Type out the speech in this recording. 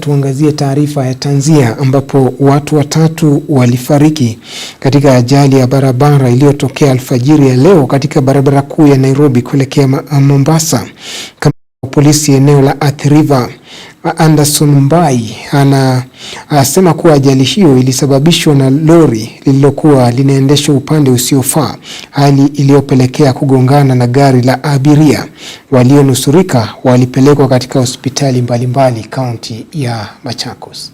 Tuangazie taarifa ya tanzia ambapo watu watatu walifariki katika ajali ya barabara iliyotokea alfajiri ya leo katika barabara kuu ya Nairobi kuelekea Mombasa. Kamanda wa polisi eneo la Athi River, Anderson Mbai ana asema kuwa ajali hiyo ilisababishwa na lori lililokuwa linaendeshwa upande usiofaa, hali iliyopelekea kugongana na gari la abiria. Walionusurika walipelekwa katika hospitali mbalimbali kaunti ya Machakos.